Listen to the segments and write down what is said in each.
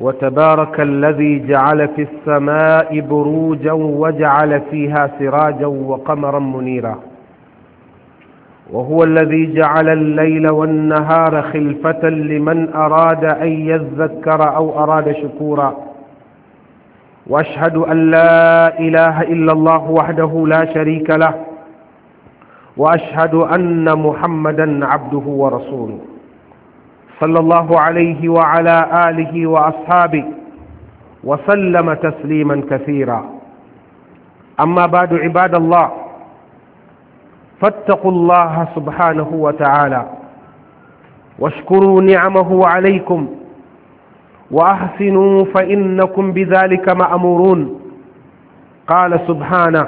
وتبارك الذي جعل في السماء بروجا وجعل فيها سراجا وقمرا منيرا وهو الذي جعل الليل والنهار خلفة لمن أراد أن يذكر أو أراد شكورا وأشهد أن لا إله إلا الله وحده لا شريك له وأشهد أن محمدا عبده ورسوله صلى الله عليه وعلى آله وأصحابه وسلم تسليما كثيرا أما بعد عباد الله فاتقوا الله سبحانه وتعالى واشكروا نعمه عليكم وأحسنوا فإنكم بذلك مأمورون قال سبحانه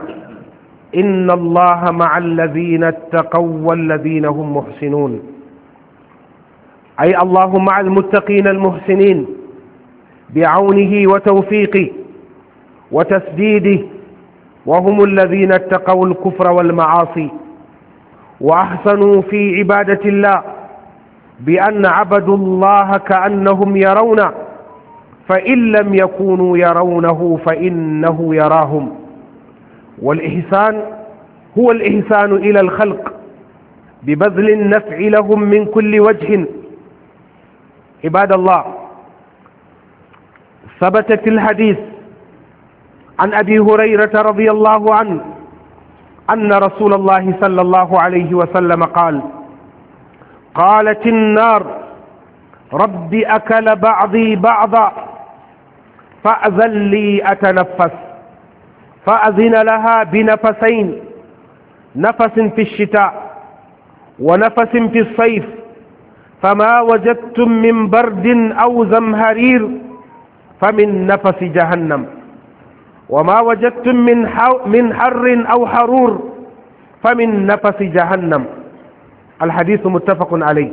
إن الله مع الذين اتقوا والذين هم محسنون أي الله مع المتقين المحسنين بعونه وتوفيقه وتسديده وهم الذين اتقوا الكفر والمعاصي وأحسنوا في عبادة الله بأن عبدوا الله كأنهم يرون فإن لم يكونوا يرونه فإنه يراهم والإحسان هو الإحسان إلى الخلق ببذل النفع لهم من كل وجه عباد الله ثبت في الحديث عن أبي هريرة رضي الله عنه أن رسول الله صلى الله عليه وسلم قال قالت النار رب أكل بعضي بعضا فأذن لي أتنفس فأذن لها بنفسين نفس في الشتاء ونفس في الصيف فما وجدتم من برد أو زمهرير فمن نفس جهنم وما وجدتم من من حر أو حرور فمن نفس جهنم الحديث متفق عليه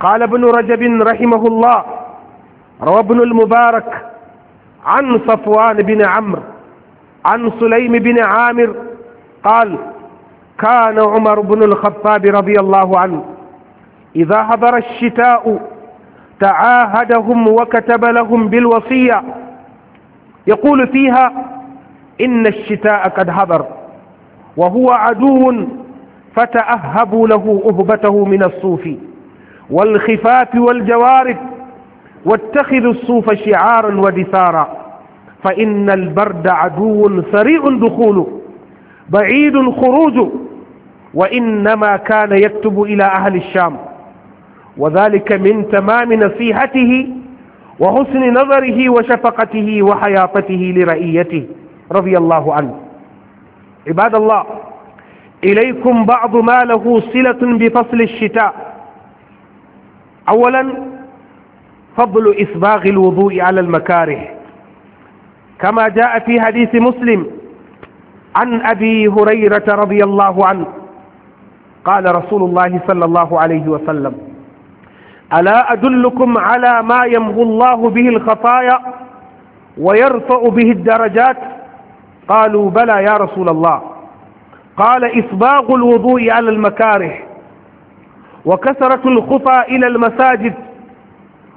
قال ابن رجب رحمه الله روى ابن المبارك عن صفوان بن عمرو عن سليم بن عامر قال كان عمر بن الخطاب رضي الله عنه إذا حضر الشتاء تعاهدهم وكتب لهم بالوصية يقول فيها إن الشتاء قد حضر وهو عدو فتأهبوا له أهبته من الصوف والخفاف والجوارب واتخذوا الصوف شعارا ودثارا فإن البرد عدو سريع دخوله بعيد خروجه وإنما كان يكتب إلى أهل الشام وذلك من تمام نصيحته وحسن نظره وشفقته وحياطته لرئيته رضي الله عنه عباد الله إليكم بعض ما له صلة بفصل الشتاء أولا فضل إسباغ الوضوء على المكاره كما جاء في حديث مسلم عن أبي هريرة رضي الله عنه قال رسول الله صلى الله عليه وسلم ألا أدلكم على ما يمحو الله به الخطايا ويرفع به الدرجات قالوا بلى يا رسول الله قال إصباغ الوضوء على المكاره وكثرة الخطى إلى المساجد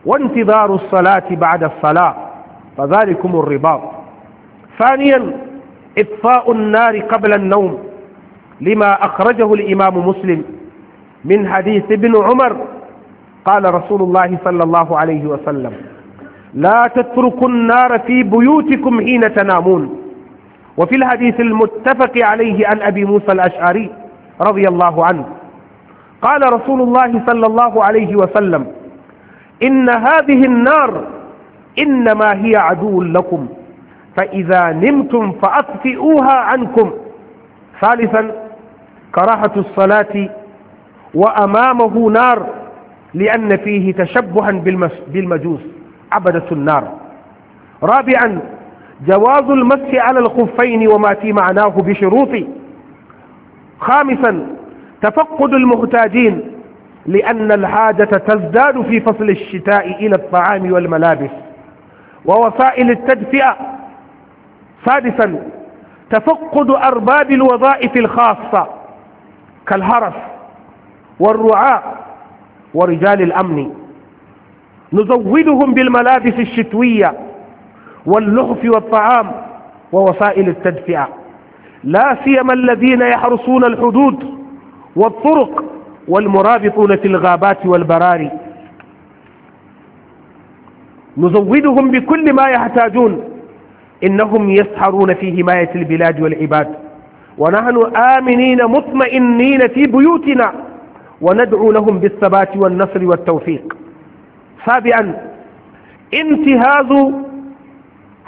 وانتظار الصلاة بعد الصلاة فذلكم الرباط ثانيا إطفاء النار قبل النوم لما أخرجه الإمام مسلم من حديث ابن عمر قال رسول الله صلى الله عليه وسلم لا تتركوا النار في بيوتكم حين تنامون وفي الحديث المتفق عليه عن أبي موسى الأشعري رضي الله عنه قال رسول الله صلى الله عليه وسلم إن هذه النار إنما هي عدو لكم فإذا نمتم فأطفئوها عنكم ثالثا كراهة الصلاة وأمامه نار لأن فيه تشبها بالمجوس عبدة النار رابعا جواز المسح على الخفين وما في معناه بشروط خامسا تفقد المحتاجين لأن الحاجة تزداد في فصل الشتاء إلى الطعام والملابس ووسائل التدفئة سادسا تفقد أرباب الوظائف الخاصة كالهرس والرعاء ورجال الأمن نزودهم بالملابس الشتوية واللغف والطعام ووسائل التدفئة لا سيما الذين يحرسون الحدود والطرق والمرابطون في الغابات والبراري نزودهم بكل ما يحتاجون إنهم يسحرون في حماية البلاد والعباد ونحن آمنين مطمئنين في بيوتنا وندعو لهم بالثبات والنصر والتوفيق سابعا انتهاز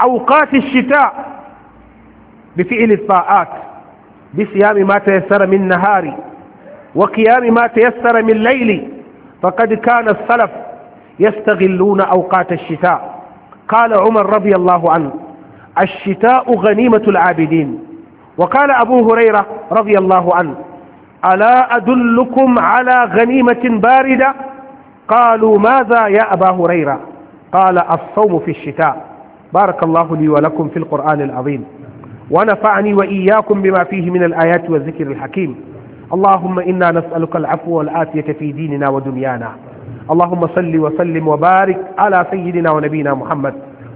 أوقات الشتاء بفعل الطاعات بصيام ما تيسر من نهار وقيام ما تيسر من ليل فقد كان السلف يستغلون أوقات الشتاء قال عمر رضي الله عنه الشتاء غنيمة العابدين وقال أبو هريرة رضي الله عنه ألا أدلكم على غنيمة باردة قالوا ماذا يا أبا هريرة قال الصوم في الشتاء بارك الله لي ولكم في القرآن العظيم ونفعني وإياكم بما فيه من الآيات والذكر الحكيم اللهم إنا نسألك العفو والعافية في ديننا ودنيانا اللهم صل وسلم وبارك على سيدنا ونبينا محمد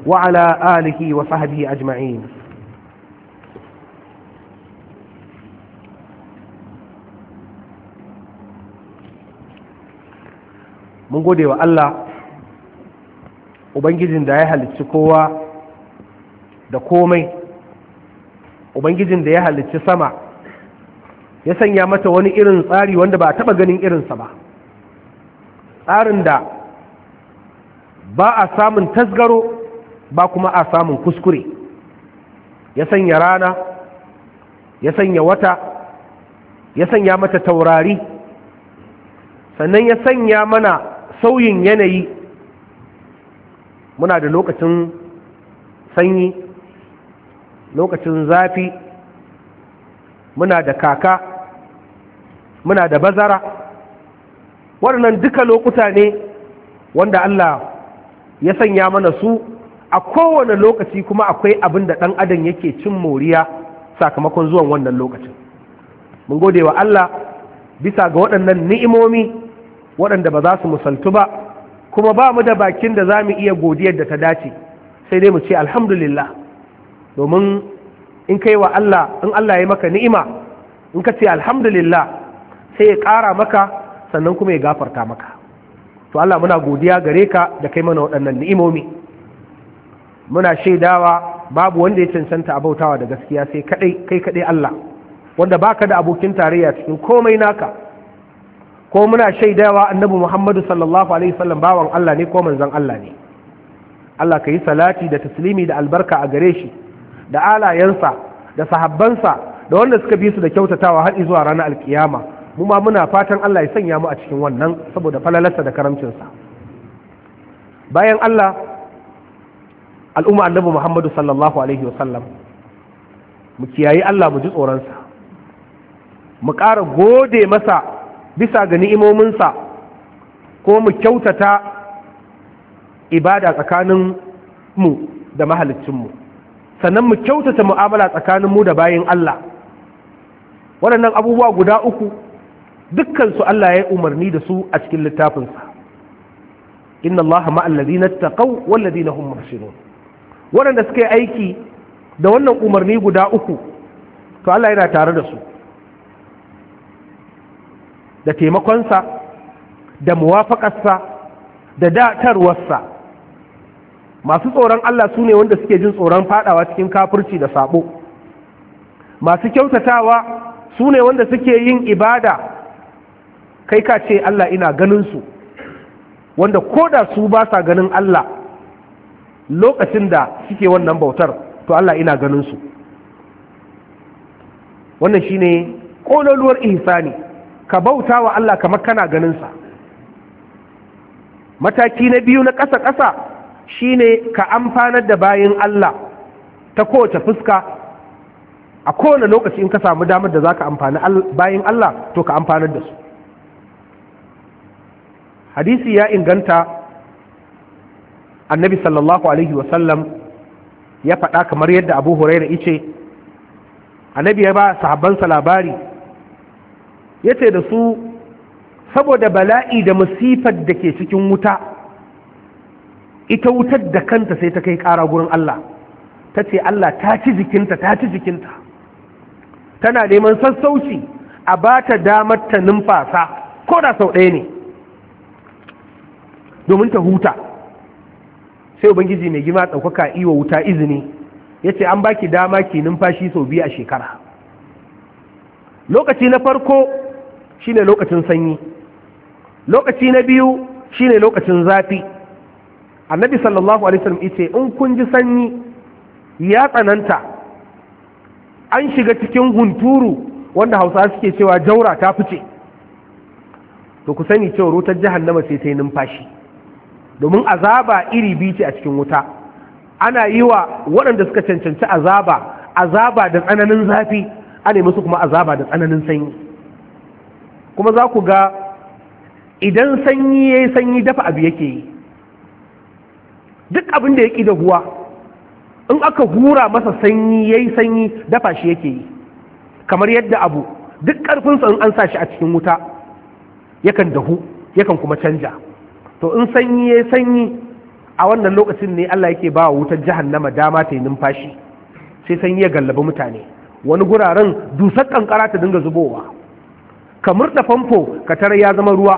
وعلى آله وصحبه أجمعين mun gode wa Allah ubangijin da ya halicci kowa da komai ubangijin da ya halicci sama ya sanya mata wani irin tsari wanda ba a taɓa ganin irinsa ba tsarin da ba a samun tasgaro ba kuma a samun kuskure ya sanya rana ya sanya wata ya sanya mata taurari sannan ya sanya mana sauyin yanayi muna da lokacin sanyi lokacin zafi muna da kaka muna da bazara waɗannan duka lokuta ne wanda Allah ya sanya mana su a kowane lokaci kuma akwai abin da ɗan adam yake cin moriya sakamakon zuwan wannan lokacin mun gode wa Allah bisa ga waɗannan ni'imomi waɗanda ba za su musaltu ba kuma ba mu da bakin da za mu iya godiyar da ta dace sai dai mu ce alhamdulillah domin in kai wa Allah in Allah ya maka ni'ima in ka ce alhamdulillah sai ya ƙara maka sannan kuma ya gafarta maka to Allah muna godiya gare ka da kai mana waɗannan ni'imomi muna shaidawa babu wanda ya cancanta abautawa da gaskiya sai kai kaɗai Allah wanda baka da abokin tarayya cikin komai naka ko muna shaidawa annabi muhammadu sallallahu alaihi wasallam bawan allah ne ko manzon allah ne allah ka yi salati da taslimi da albarka a gare shi da alayensa da sahabbansa da wanda suka bi su da kyautatawa har zuwa ranar alkiyama mu ma muna fatan allah ya sanya mu a cikin wannan saboda falalarsa da karamcinsa bayan allah al'umma annabi muhammadu sallallahu alaihi wasallam mu kiyayi allah mu ji tsoronsa mu ƙara gode masa bisa ga ni'imominsa ko mu kyautata ibada tsakanin mu da mahalicinmu sannan mu kyautata mu'amala tsakanin mu da bayin Allah waɗannan abubuwa guda uku dukkansu Allah ya umarni da su a cikin littafinsa inna Allah ma'allazina taqaw wallazina hum muhsinun waɗanda suka yi aiki da wannan umarni guda uku to Allah yana tare da su da taimakonsa da muwafakarsa da datarwarsa masu tsoron Allah su ne wanda suke jin tsoron fadawa cikin kafirci da sabo masu kyautatawa su ne wanda suke yin ibada kai ka ce Allah ina ganinsu wanda ko da su ba sa ganin Allah lokacin da suke wannan bautar to Allah ina su wannan shine ƙololuwar ihsani ka bauta wa Allah kamar kana ganinsa mataki na biyu na ƙasa-ƙasa shi ne ka amfanar da bayan Allah ta kowace fuska a kowane lokaci in ka samu damar da za ka amfani bayan Allah to ka amfanar da su hadisi ya inganta annabi sallallahu alaihi wasallam ya faɗa kamar yadda abu huraira ice annabi ya ba sahabbansa labari Yace da su saboda bala'i da masifar da ke cikin wuta ita wutar da kanta sai ta kai kara gurin Allah ta ce Allah ta ci jikinta ta ci jikinta tana neman sassauci a ba ta damar ta numfasa ko da sau ɗaya ne domin ta huta sai ubangiji mai gima ɗaukaka iwa wuta izini ya ce an baki dama ki numfashi sau biyu a shekara lokaci na farko shine lokacin sanyi lokaci na biyu shine lokacin zafi annabi sallallahu alaihi wasallam yace in kun ji sanyi ya tsananta an shiga cikin hunturu wanda hausa suke cewa jaura ta fice to ku sani cewa wutar jahannama sai sai numfashi domin azaba iri biyu ce a cikin wuta ana yi wa waɗanda suka cancanci azaba azaba da tsananin zafi ana nemi su kuma azaba da tsananin sanyi kuma za ku ga idan sanyi ya yi sanyi dafa abu yake yi duk abin da ya ƙi da huwa in aka hura masa sanyi ya yi sanyi dafa shi yake yi kamar yadda abu duk ƙarfinsa in an sa shi a cikin wuta yakan dahu yakan kuma canja to in sanyi ya yi sanyi a wannan lokacin ne Allah yake ba wa wutar jahannama dama ta yi numfashi sai sanyi ya gallaba mutane wani guraren dusar kankara ta dinga zubowa ka murda famfo ka tarar ya zama ruwa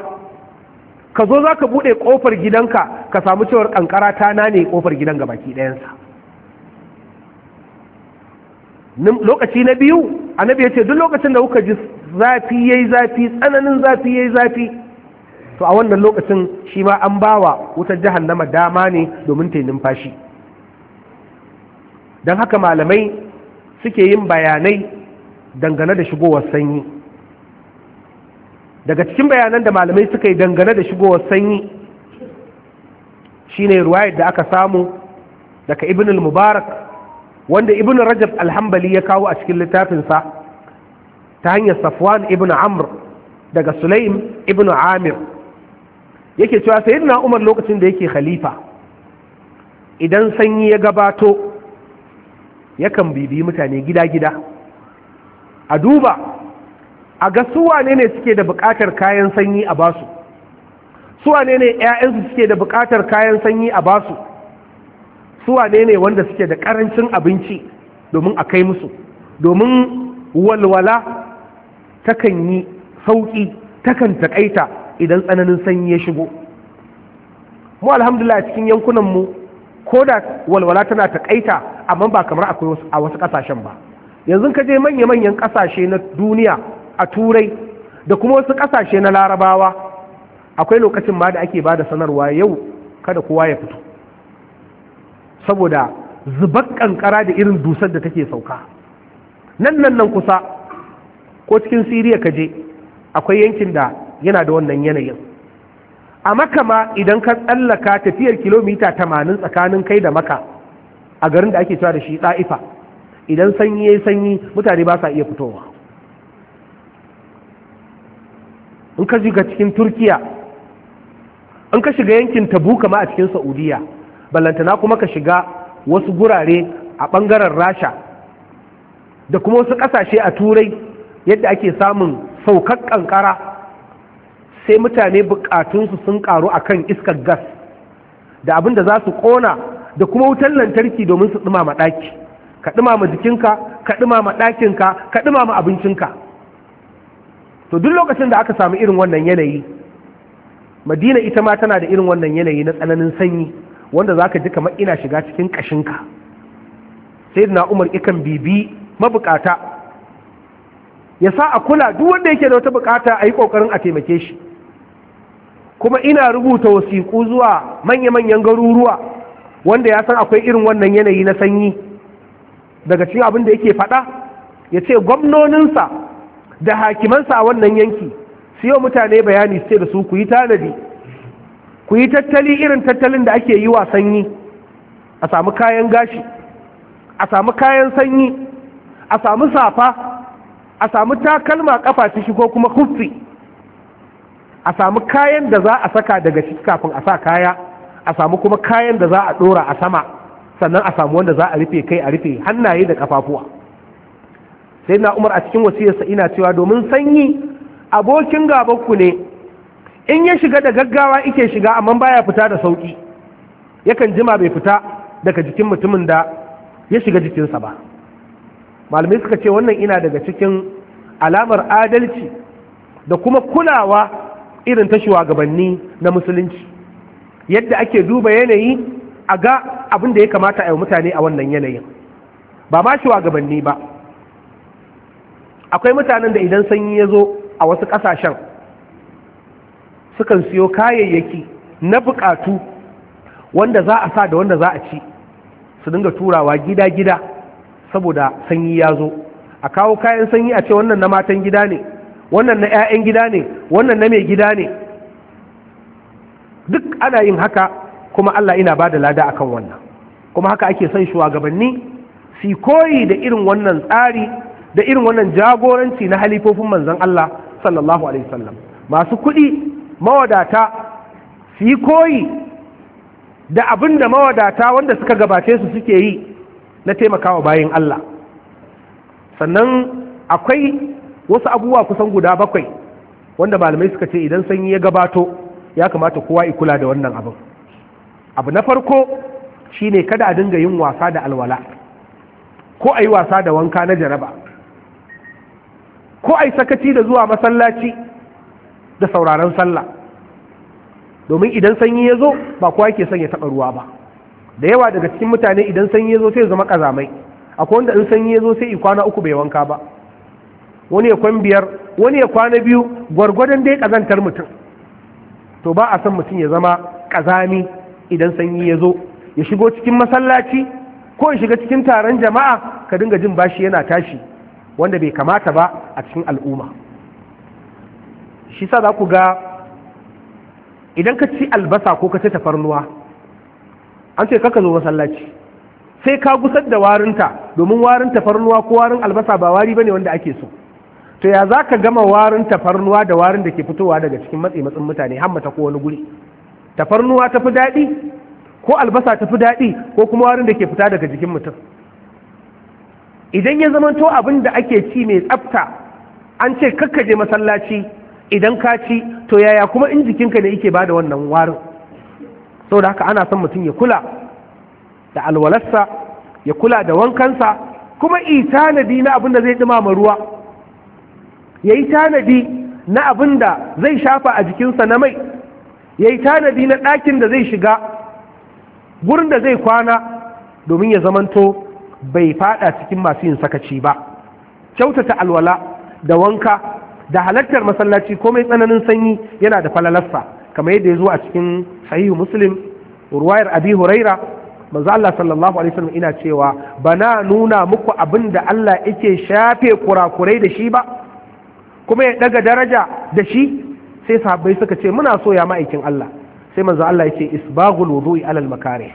ka zo za ka buɗe ƙofar gidanka ka samu cewar ƙanƙara ta nane ƙofar gidan ga baki ɗayansa lokaci na biyu annabi ya ce duk lokacin da kuka ji zafi ya yi zafi tsananin zafi ya yi zafi to a wannan lokacin shi ma an bawa wutar jahannama dama ne domin ta yi numfashi don haka malamai suke yin bayanai dangane da shigowar sanyi daga cikin bayanan da malamai suka yi dangane da shigowar sanyi shine ruwayar da aka samu daga ibn al-mubarak wanda ibn rajab alhambali ya kawo a cikin littafinsa ta hanyar safwan ibn amr daga sulaim ibn amir yake cewa sayyidina umar lokacin da yake khalifa idan sanyi ya gabato yakan bibi mutane gida-gida a duba a ga suwa ne suke da buƙatar kayan sanyi a basu suwa ne 'ya'yansu suke da buƙatar kayan sanyi a basu suwa ne wanda suke da ƙarancin abinci domin a kai musu domin walwala takan yi sauƙi takan taƙaita idan tsananin sanyi ya shigo mu alhamdulillah cikin yankunanmu ko da walwala tana taƙaita amma ba kamar akwai a wasu ƙasashen ba yanzu ka je manya-manyan ƙasashe na duniya a turai da kuma wasu ƙasashe na larabawa akwai lokacin ma da ake ba da sanarwa yau kada kowa ya fito saboda zubar kankara da irin dusar da take sauka nan nan nan kusa ko cikin siriya ka je akwai yankin da yana da wannan yanayin a maka ma idan ka tsallaka tafiyar kilomita tamanin tsakanin kai da maka a garin da ake cewa da shi ɗa'ifa idan sanyi ya yi sanyi mutane ba sa iya fitowa in ka shiga cikin turkiya in ka shiga yankin tabuka ma a cikin saudiya ballantana kuma ka shiga wasu gurare a ɓangaren rasha da kuma wasu ƙasashe a turai yadda ake samun saukar ƙanƙara sai mutane bukatunsu sun ƙaru a kan iskar gas da abin da za su ƙona da kuma wutar lantarki domin su ɗumama ɗaki ka ɗumama jikinka ka ɗumama ɗakinka ka ɗumama abincinka to duk lokacin da aka samu irin wannan yanayi madina ita ma tana da irin wannan yanayi na tsananin sanyi wanda zaka ji kamar ina shiga cikin ƙashinka. sai na umar ikan bibi mabukata ya sa a kula duk wanda yake da wata bukata a yi kokarin a taimake shi kuma ina rubuta wasiƙu zuwa manya-manyan garuruwa wanda ya san akwai irin wannan yanayi na sanyi daga cikin abin da yake faɗa ya ce gwamnoninsa da hakimansa a wannan yanki siyo mutane bayani su ce da su ku yi tanadi ku yi tattali irin tattalin da ake yi wa sanyi a samu kayan gashi a samu kayan sanyi a samu safa a samu takalma kafa ciki ko kuma kufi a samu kayan da za a saka daga shi kafin a sa kaya a samu kuma kayan da za a dora a sama sannan a samu wanda za a rufe kai a rufe hannaye da kafafuwa sai na umar a cikin wasiyarsa ina cewa domin sanyi abokin gabanku ne in ya shiga da gaggawa ike shiga amma baya fita da sauƙi, yakan jima bai fita daga jikin mutumin da ya shiga jikinsa ba malamai suka ce wannan ina daga cikin alamar adalci da kuma kulawa irin ta shugabanni na musulunci yadda ake duba yanayi a ga abin da ya kamata a yi mutane a wannan yanayin ba ma shugabanni ba akwai mutanen da idan sanyi ya zo a wasu ƙasashen sukan siyo kayayyaki na buƙatu wanda za a sa da wanda za a ci su dinga turawa gida-gida saboda sanyi ya zo a kawo kayan sanyi a ce wannan na matan gida ne wannan na 'ya'yan gida ne wannan na mai gida ne duk ana yin haka kuma Allah ina ba da lada akan wannan kuma haka ake son shugabanni su koyi da irin wannan tsari da irin wannan jagoranci na halifofin manzon Allah sallallahu alaihi wasallam masu kuɗi mawadata su yi koyi da abin da mawadata wanda suka gabace su suke yi na taimakawa bayan Allah sannan akwai wasu abubuwa kusan guda bakwai wanda malamai suka ce idan sanyi ya gabato ya kamata kowa kula da wannan abin abu na farko shine kada a dinga yin wasa da alwala ko a yi wasa da wanka na jaraba ko a yi sakaci da zuwa masallaci da sauraron sallah domin idan sanyi ya zo ba kowa ke son ya taɓa ruwa ba da yawa daga cikin mutane idan sanyi ya zo sai zama ƙazamai akwai wanda in sanyi ya zo sai kwana uku bai wanka ba wani ya kwan biyar wani ya kwana biyu gwargwadon dai ƙazantar mutum to ba a son mutum ya zama ƙazami idan sanyi ya zo ya shigo cikin masallaci ko ya shiga cikin taron jama'a ka dinga jin bashi yana tashi wanda bai kamata ba a cikin al'umma shi sa za ku ga idan ka ci albasa ko ka ci tafarnuwa an ce kaka zo masallaci sai ka gusar da warinta domin warin tafarnuwa ko warin albasa ba wari bane wanda ake so to ya za ka gama warin tafarnuwa da warin da ke fitowa daga cikin matsi matsin mutane hammata ko wani guri tafarnuwa ta fi daɗi ko albasa ta fi daɗi ko kuma warin da ke fita daga jikin mutum idan ya zamanto abin da ake ci mai tsafta an ce kakkaje masallaci idan ka ci to yaya kuma in jikinka ne yake bada wannan warin saboda haka ana son mutum ya kula da alwalarsa ya kula da wankansa kuma i tanadi na abin da zai dumama ruwa ya yi tanadi na abin da zai shafa a jikinsa na mai ya yi tanadi na ɗakin da zai shiga gurin da zai kwana domin ya zamanto bai fada cikin masu yin sakaci ba kyautata alwala da wanka da halartar masallaci ko mai tsananin sanyi yana da falalarsa kamar yadda ya zo a cikin sahihu muslim ruwayar abi huraira manzo Allah sallallahu alaihi wasallam ina cewa bana nuna muku abin da Allah yake shafe kurakurai da shi ba kuma ya daga daraja da shi sai sahabbai suka ce muna so ya ma'aikin Allah sai manzo Allah ya ce isbaghul wudu'i alal makarih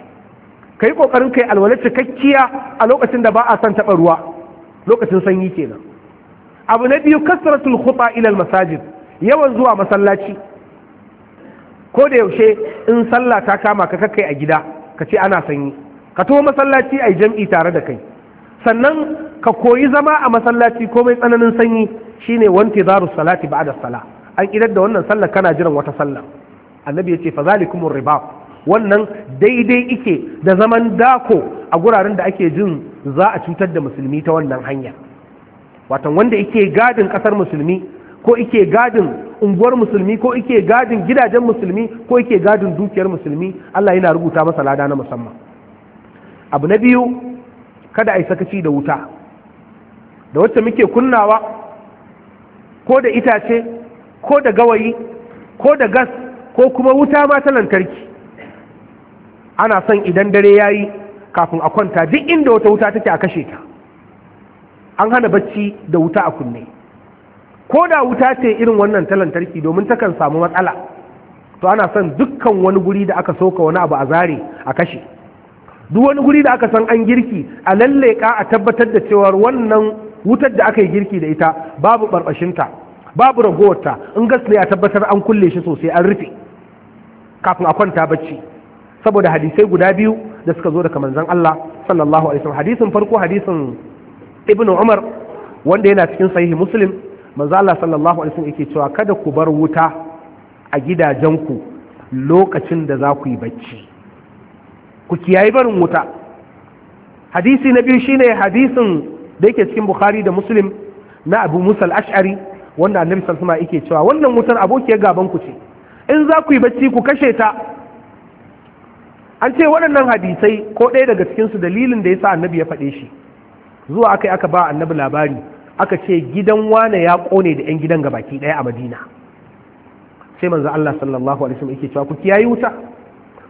ka yi ƙoƙarin kai alwala cikakkiya a lokacin da ba a son taɓa ruwa lokacin sanyi kenan abu na biyu kasratul khuta ilal masajid yawan zuwa masallaci ko da yaushe in sallah ta kama ka kai a gida ka ce ana sanyi ka taho masallaci a jam'i tare da kai sannan ka koyi zama a masallaci komai tsananin sanyi shine wanti zaru salati ba'da sala an idar da wannan sallar kana jiran wata sallah annabi ya ce fa zalikumur riba wannan daidai ike da zaman dako a guraren da ake jin za a cutar da musulmi ta wannan hanya watan wanda ike gadin kasar musulmi ko ike gadin unguwar musulmi ko ike gadin gidajen musulmi ko ike gadin dukiyar musulmi Allah yana rubuta masa lada na musamman abu na biyu kada a yi sakaci da wuta da wacce muke kunnawa ko da itace ko da gawayi ko da gas ko kuma wuta ma ta lantarki ana son idan dare ya yi kafin a kwanta duk inda wata wuta take a kashe ta an hana bacci da wuta a kunne ko da wuta ce irin wannan ta lantarki domin takan samu matsala to ana son dukkan wani guri da aka soka wani abu a zare a kashe duk wani guri da aka san an girki a lalle a tabbatar da cewar wannan wutar da aka yi girki da ita babu barbashinta babu ragowarta in gaske a tabbatar an kulle shi sosai an rufe kafin a kwanta bacci saboda hadisai guda biyu da suka zo daga manzon Allah sallallahu alaihi wasallam hadisin farko hadisin ibnu umar wanda yana cikin sahihi muslim manzo Allah sallallahu alaihi wasallam yake cewa kada ku bar wuta a gidajenku lokacin da za ku yi bacci ku kiyaye barin wuta hadisi na biyu shine hadisin da yake cikin bukhari da muslim na abu musa al-ash'ari wanda annabi sallallahu alaihi wasallam yake cewa wannan wutar abokiyar gaban ku ce in za ku yi bacci ku kashe ta an ce waɗannan hadisai ko ɗaya daga cikinsu dalilin da ya sa annabi ya faɗe shi zuwa aka yi aka ba annabi labari aka ce gidan wane ya ƙone da 'yan gidan gabaki ɗaya a madina sai manzo Allah sallallahu alaihi wasallam yake cewa ku kiyayi wuta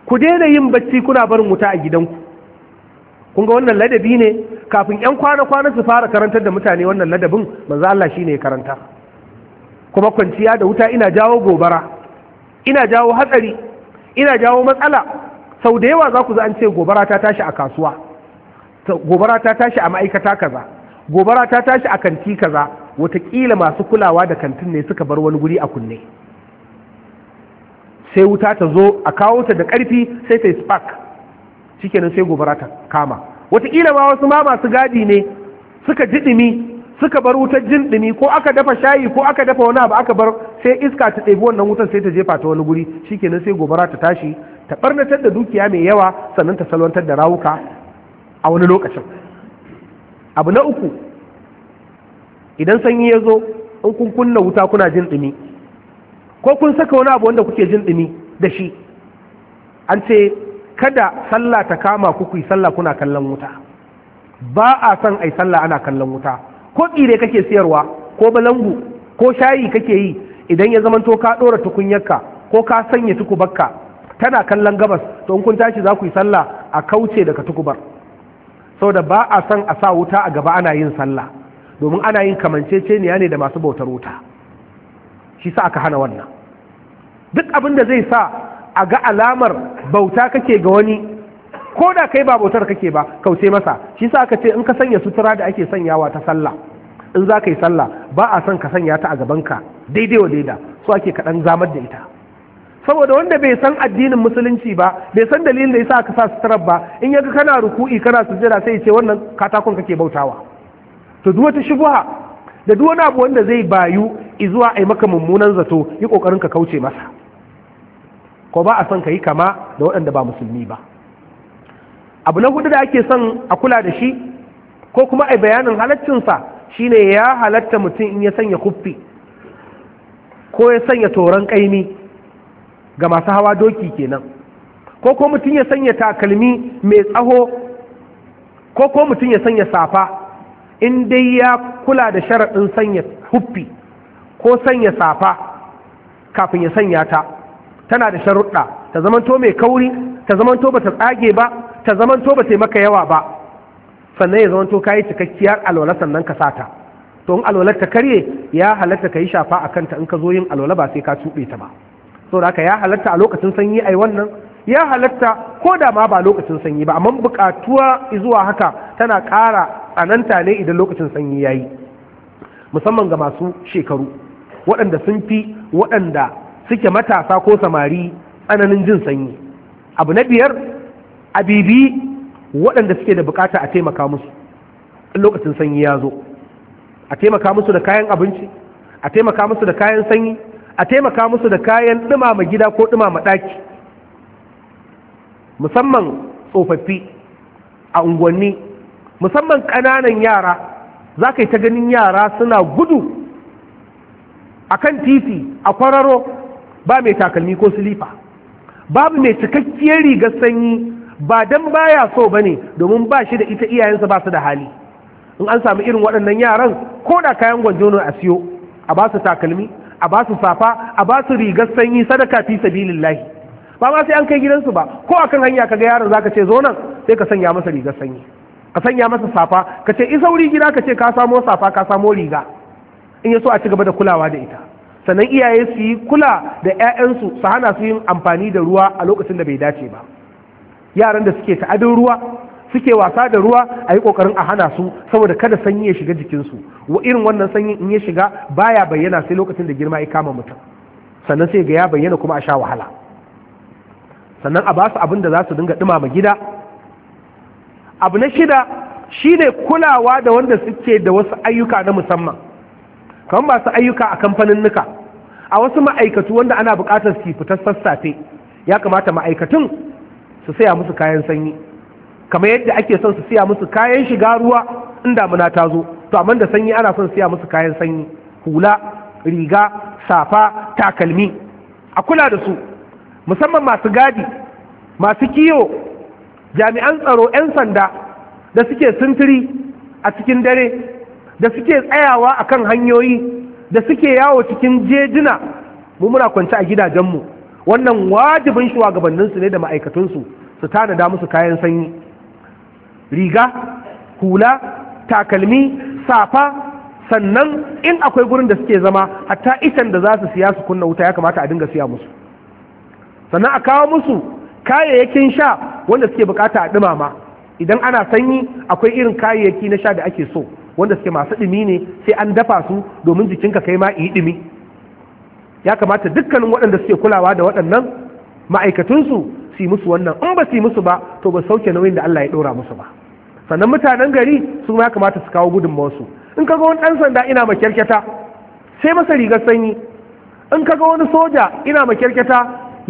ku daina yin bacci kuna barin wuta a gidanku kun ga wannan ladabi ne kafin 'yan kwana-kwana su fara karantar da mutane wannan ladabin manzo Allah shine ya karanta kuma kwanciya da wuta ina jawo gobara ina jawo hatsari ina jawo matsala sau da yawa za ku za an ce gobara ta tashi a kasuwa gobara ta tashi a ma'aikata kaza gobara ta tashi a kanti kaza watakila masu kulawa da kantin ne suka bar wani guri a kunne sai wuta ta zo a kawo ta da ƙarfi sai ta yi spark shikenan sai gobara ta kama watakila ma wasu ma masu gadi ne suka ji ɗumi suka bar wutar jin ɗumi ko aka dafa shayi ko aka dafa wani abu aka bar sai iska ta ɗebi wannan wutar sai ta jefa ta wani guri shikenan sai gobara ta tashi ta barnatar da dukiya mai yawa sannan ta salwantar da rawuka a wani lokacin abu na uku idan sanyi ya zo in kun kunna wuta kuna jin ɗumi ko kun saka wani abu wanda kuke jin ɗumi da shi an ce kada sallah ta kama ku yi sallah kuna kallon wuta ba a son ai sallah ana kallon wuta ko tsire kake siyarwa ko balangu ko shayi kake yi idan ya zamanto ka ɗora tukunyarka ko ka sanya tukubakka tana kallon gabas to in kun tashi za ku yi sallah a kauce daga tukubar saboda ba a san a sa wuta a gaba ana yin sallah domin ana yin kamanceceniya ne da masu bautar wuta shi sa aka hana wannan duk abin da zai sa a ga alamar bauta kake ga wani ko da kai ba bautar kake ba kauce masa shi sa aka ce in ka sanya sutura da ake sanyawa ta sallah in za ka yi sallah ba a son ka sanya ta a gaban ka, daidai wa daida so ake kaɗan zamar da ita saboda wanda bai san addinin musulunci ba bai san dalilin da yasa ka sa suturar ba in yaga kana ruku'i kana sujjada sai ce wannan katakon kake bautawa to duk wata shubha da duk wani abu wanda zai bayu izuwa ai maka mummunan zato yi kokarin ka kauce masa ko ba a son ka yi kama da waɗanda ba musulmi ba abu na hudu da ake son a kula da shi ko kuma a bayanin halaccinsa shine ya halatta mutum in ya sanya kuffi ko ya sanya toron kaimi ga masu hawa doki kenan ko ko mutum ya sanya takalmi mai tsaho ko ko mutum ya sanya safa in dai ya kula da sharaɗin sanya huffi ko sanya safa kafin ya sanya ta tana da sharuɗa ta zamanto mai kauri ta zamanto ba ta tsage ba ta zamanto ba ta maka yawa ba sannan ya zamanto ka yi cikakkiyar alwala sannan ka sata to in alwalar ta karye ya halatta ka yi shafa a kanta in ka zo yin alwala ba sai ka tuɓe ta ba da haka ya halatta a lokacin sanyi a wannan ya halatta ko da ma ba lokacin sanyi ba amma bukatuwa zuwa haka tana ƙara tsananta ne idan lokacin sanyi ya yi musamman ga masu shekaru waɗanda sun fi waɗanda suke matasa ko samari tsananin jin sanyi abu na biyar a bibi waɗanda suke da bukata a taimaka musu lokacin sanyi ya zo a taimaka musu da kayan abinci a taimaka musu da kayan sanyi a taimaka musu da kayan ɗumama gida ko ɗumama ɗaki musamman tsofaffi a unguwanni musamman ƙananan yara za ka yi ta ganin yara suna gudu a kan titi a kwararo ba mai takalmi ko silifa babu mai cikakkiyar rigar sanyi ba don baya so ba ne domin ba shi da ita iyayensa ba su da hali in an samu irin waɗannan yaran ko da kayan na a siyo a ba su takalmi a ba su safa a ba su rigar sanyi sadaka fi sabilillahi ba ma sai an kai gidansu ba ko akan hanya ka kaga yaron ka ce zo nan sai ka sanya masa rigar sanyi ka sanya masa safa ka ce wuri gida ka ce ka samo safa ka samo riga in ya so a ci gaba da kulawa da ita sannan iyaye su yi kula da 'ya'yansu su hana su yin amfani da ruwa a lokacin da bai dace ba yaran da suke ta adin ruwa suke wasa da ruwa a yi kokarin a hana su saboda kada sanyi ya shiga jikinsu wa irin wannan sanyi in ya shiga baya bayyana sai lokacin da girma ya kama mutum sannan sai ga ya bayyana kuma a sha wahala sannan a ba su abin da za su dinga dumama gida abu na shida shine kulawa da wanda suke da wasu ayyuka na musamman kamar masu ayyuka a kamfanin nuka a wasu ma'aikatu wanda ana bukatar su fitar sassafe ya kamata ma'aikatun su saya musu kayan sanyi kamar yadda ake son su siya musu kayan shiga ruwa in damuna ta zo to amma da sanyi ana son siya musu kayan sanyi hula riga safa takalmi a kula da su musamman masu gadi masu kiyo jami'an tsaro 'yan sanda da suke sintiri a cikin dare da suke tsayawa a kan hanyoyi da suke yawo cikin jejina mu muna kwanci a gidajenmu wannan wajibin shugabanninsu ne da ma'aikatunsu su tanada musu kayan sanyi riga hula takalmi safa sannan in akwai gurin da suke zama hatta isan da za su siya su kunna wuta ya kamata a dinga siya musu sannan a kawo musu kayayyakin sha wanda suke bukata a ɗumama idan ana sanyi akwai irin kayayyaki na sha da ake so wanda suke masu ɗimi ne sai an dafa su domin jikinka kai ma yi ɗumi ya kamata dukkanin waɗanda suke kulawa da waɗannan ma'aikatunsu su musu wannan in ba su musu ba to ba sauke nauyin da Allah ya ɗora musu ba sannan mutanen gari su ma kamata su kawo su. in kaga wani ɗan sanda ina ma kyarkyata sai masa rigar sanyi in kaga wani soja ina ma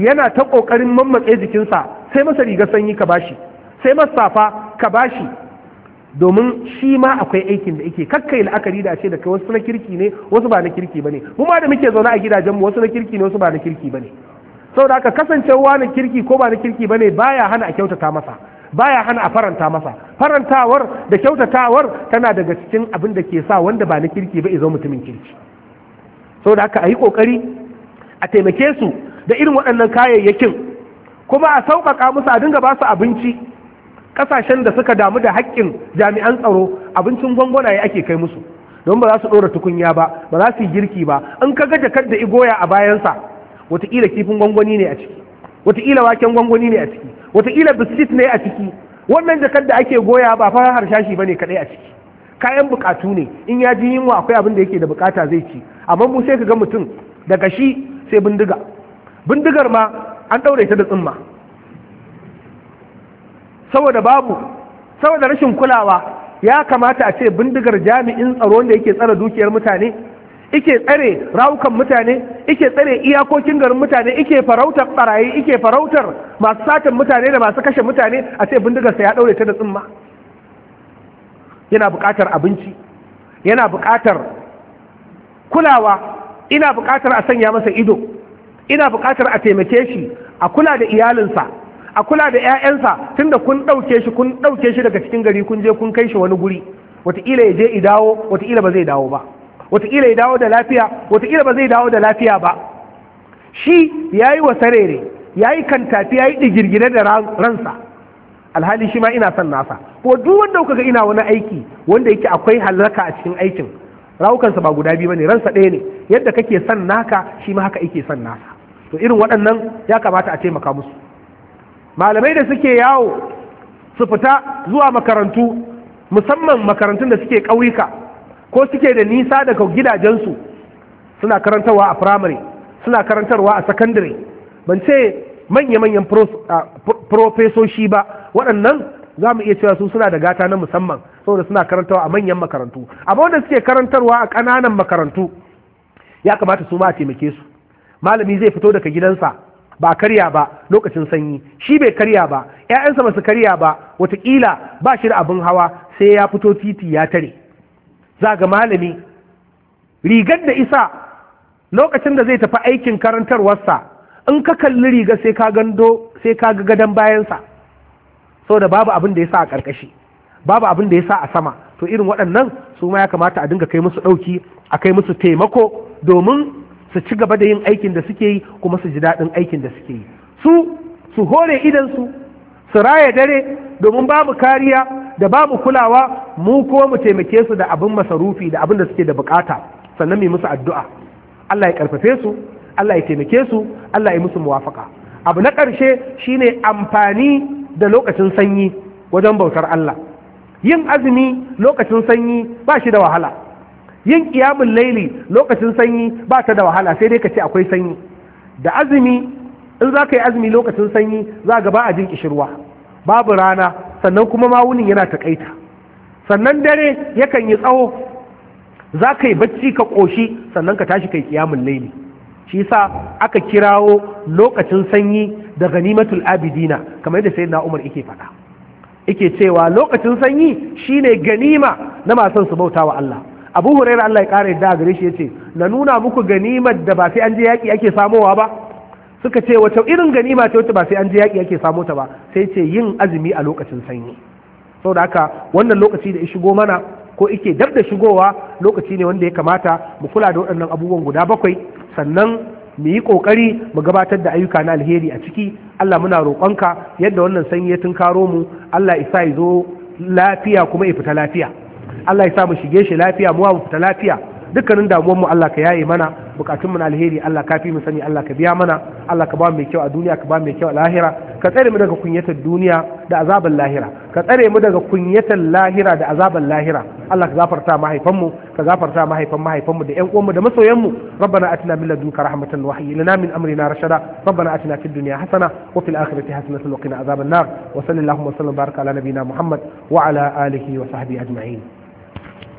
yana ta ƙoƙarin mammatse jikinsa sai masa rigar sanyi ka bashi sai masa safa ka bashi domin shi ma akwai aikin da yake kakkai la'akari da ce da kai wasu na kirki ne wasu ba na kirki bane mu ma da muke zaune a gidajenmu wasu na kirki ne wasu ba na kirki bane saboda haka kasancewa na kirki ko ba na kirki ba ne baya hana a kyautata masa baya hana a faranta masa farantawar da kyautatawar tana daga cikin abin da ke sa wanda ba na kirki ba izo mutumin kirki saboda haka a yi kokari a taimake su da irin waɗannan kayayyakin kuma a sauƙaƙa musu a dinga ba su abinci ƙasashen da suka damu da haƙƙin jami'an tsaro abincin gwangwanaye ake kai musu don ba za su ɗora tukunya ba ba za su yi girki ba in ka ga jakar da igoya a bayansa wataƙila kifin gwangwani ne a ciki wataƙila waken gwangwani ne a ciki wataƙila biskit ne a ciki wannan jakar da ake goya ba fara harshashi ne kadai a ciki kayan buƙatu ne in ya ji yunwa akwai abin da yake da buƙata zai ci amma mu sai ka ga mutum daga shi sai bindiga bindigar ma an ɗaure ta da tsumma saboda babu saboda rashin kulawa ya kamata a ce bindigar jami'in tsaro da yake tsara dukiyar mutane ike tsare rawukan mutane ike tsare iyakokin garin mutane ike farautar barayi ike farautar masu satin mutane da masu kashe mutane a sai bindigarsa ya ɗaure ta da tsimma yana buƙatar abinci yana buƙatar kulawa ina buƙatar a sanya masa ido ina buƙatar a taimake shi a kula da iyalinsa a kula da 'ya'yansa tunda kun ɗauke shi kun ɗauke shi daga cikin gari kun je kun kai shi wani guri wataƙila ya je i dawo wataƙila ba zai dawo ba wataƙila ya dawo da lafiya wataƙila ba zai dawo da lafiya ba shi ya yi wa sarere ya yi kantafi ya yi digirgire da ransa alhali shi ma ina son nasa ko duk wanda kuka ga ina wani aiki wanda yake akwai halaka a cikin aikin rawukansa ba guda biyu bane ransa ɗaya ne yadda kake son naka shi ma haka yake son nasa to irin waɗannan ya kamata a taimaka musu malamai da suke yawo su fita zuwa makarantu musamman makarantun da suke ƙauyuka ko suke da nisa daga gidajensu suna karantarwa a firamare suna karantarwa a sakandare ban ce manya-manyan profesoshi ba waɗannan za mu iya cewa su suna da gata na musamman saboda suna karantarwa a manyan makarantu amma wanda suke karantarwa a ƙananan makarantu ya kamata su ma a taimake su malami zai fito daga gidansa ba karya ba lokacin sanyi shi bai karya ba 'ya'yansa ba su karya ba watakila ba shi da abin hawa sai ya fito titi ya tare za ga malami rigar da isa lokacin da zai tafi aikin karantarwarsa in ka kalli riga sai ka gando sai ka ga gadon bayansa da babu abin da ya sa a ƙarƙashi babu abin da ya sa a sama to irin waɗannan su ma ya kamata a dinga kai musu ɗauki a kai musu taimako domin su ci gaba da yin aikin da suke yi kuma su ji daɗin aikin da suke yi su su hore idansu su raya dare domin babu kariya da babu kulawa mu ko mu taimake su da abin masarufi da abin da suke da bukata sannan mai musu addu'a Allah ya karfafe su Allah ya taimake su Allah ya musu muwafaka abu na ƙarshe shine amfani da lokacin sanyi wajen bautar Allah yin azumi lokacin sanyi ba shi da wahala yin ƙiyamun laili lokacin sanyi ba ta da wahala sai dai ka ce akwai sanyi da azumi in za ka yi azumi lokacin sanyi za ga ba a jin kishirwa babu rana sannan kuma mawunin yana takaita sannan dare yakan yi tsawo za ka yi bacci ka ƙoshi sannan ka tashi kai kiyamun laili shi yasa aka kirawo lokacin sanyi da ganimatul abidina kamar yadda sayyidina Umar yake faɗa Ike cewa lokacin sanyi shine ganima na masu su bauta wa Allah Abu Hurairah Allah ya ƙara yadda gare shi ce na nuna muku ganimar da ba sai an je yaƙi ake samowa ba suka ce wata irin ganima ce wata ba sai an je yaƙi ake samo ta ba sai ce yin azumi a lokacin sanyi da haka wannan lokaci da ya shigo mana ko ike dab da shigowa lokaci ne wanda ya kamata mu kula da waɗannan abubuwan guda bakwai sannan mu yi ƙoƙari mu gabatar da ayyuka na alheri a ciki Allah muna roƙonka yadda wannan sanyi ya tunkaro mu Allah isa ya zo lafiya kuma ya fita lafiya Allah ya sa mu shige shi lafiya mu mu fita lafiya dukkanin damuwan mu Allah ka yaye mana bukatun na alheri Allah ka fi mu sani Allah ka biya mana Allah ka ba mai kyau a duniya ka ba mai kyau a lahira ka tsare mu daga kunyatar duniya da azaban lahira ka tsare mu daga kunyatar lahira da azaban lahira Allah ka gafarta mahaifanmu ka gafarta mahaifan mahaifanmu da ƴan uwanmu da masoyanmu rabbana atina min ladunka rahmatan wa hayyi lana min amrina rashada rabbana atina fid dunya hasana wa fil akhirati hasanatan wa qina azaban nar wa sallallahu wa sallam baraka ala nabiyyina muhammad wa ala alihi wa sahbihi ajma'in